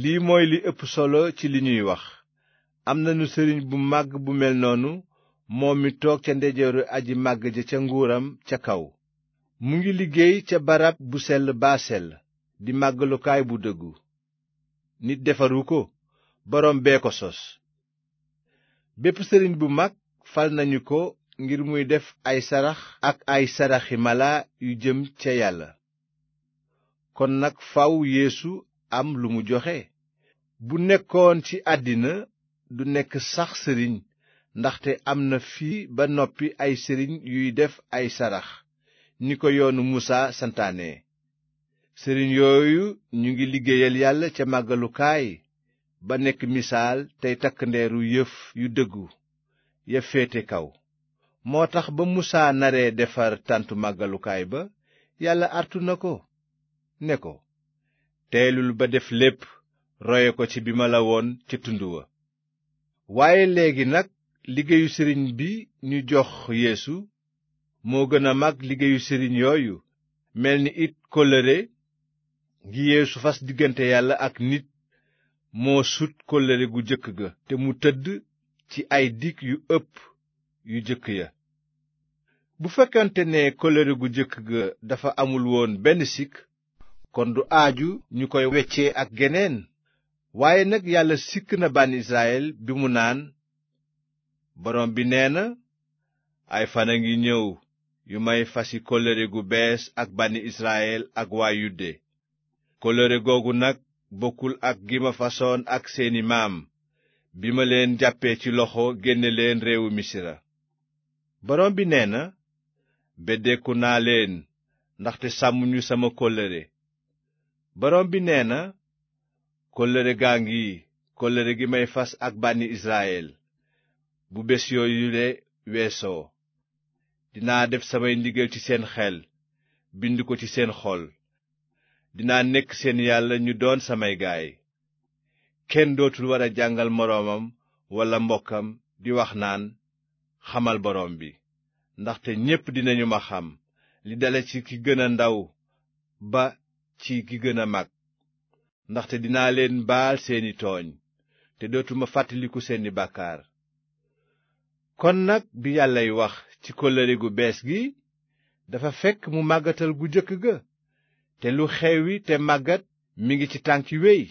lii mooy li ëpp solo ci li ñuy wax am nañu sëriñ bu màgg bu mel noonu moom mi toog ca ndejeeru aji màgg ja ca nguuram ca kaw mu ngi liggéey ca barab bu sell baa sell di màggalukaay bu dëggu nit defaru ko boroom bee ko sos bépp sëriñ bu mag fal nañu ko ngir muy def ay sarax ak ay saraxi mala yu jëm ca yàlla kon nag faw yeesu am lu mu joxe bu nekkoon ci àddina du nekk sax sëriñ ndaxte am na fii ba noppi ay sëriñ yuy def ay sarax ni ko yoonu musaa santaane sëriñ yooyu ñu ngi liggéeyal yàlla ca màggalukaay ba nekk misaal tey takk ndeeru yëf yu dëggu ya féete kaw moo tax ba musaa naree defar tàntu màggalukaay ba yàlla artu na ko ne ko teelul ba def lépp roye ko ci bi ma la woon ca tund wa waaye léegi nag liggéeyu sëriñ bi ñu jox yéesu moo gën a mag liggéeyu sëriñ yooyu mel ni it kóllëre gi yeesu fas diggante yàlla ak nit moo sut kóllëre gu jëkk ga te mu tëdd ci ay dikk yu ëpp yu jëkk ya bu fekkante ne kóllëre gu jëkk ga dafa amul woon benn sikk kon du aaju ñu koy weccee ak geneen waaye nag yàlla sikk na bànn Israyil bi mu naan borom bi nee na ay fan a ngi ñëw yu may fasi kóllëre gu bees ak bànni Israyil ak waa Yude kóllëre googu nag bokkul ak gi ma fasoon ak seeni maam bi ma leen jàppee ci loxo génne leen réewu misira borom bi nee na beddeeku naa leen ndaxte sàmmuñu sama kóllëre borom bi nee na kóllëre gaa ngi kóllëre gi may fas ak bànni Israyil bu bés yooyule weesoo dinaa def samay ndigal ci seen xel bind ko ci seen xol dinaa nekk seen yàlla ñu doon samay gaay kenn dootul war a jàngal moroomam walla mbokkam di wax naan xamal borom bi ndaxte ñépp dinañu ma xam li dale ci ki gën ndaw ba ci gi gën a mag ndaxte dinaa leen baal seeni tooñ te dootuma fàttaliku seeni bàkkaar kon nag bi yàllay wax ci kóllëre gu bees gi dafa fekk mu màggatal gu jëkk ga te lu xewi te màggat mi ngi ci tànki wey